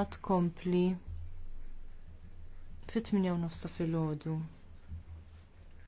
ħat kompli fit-8 nofsa fil-ħodu.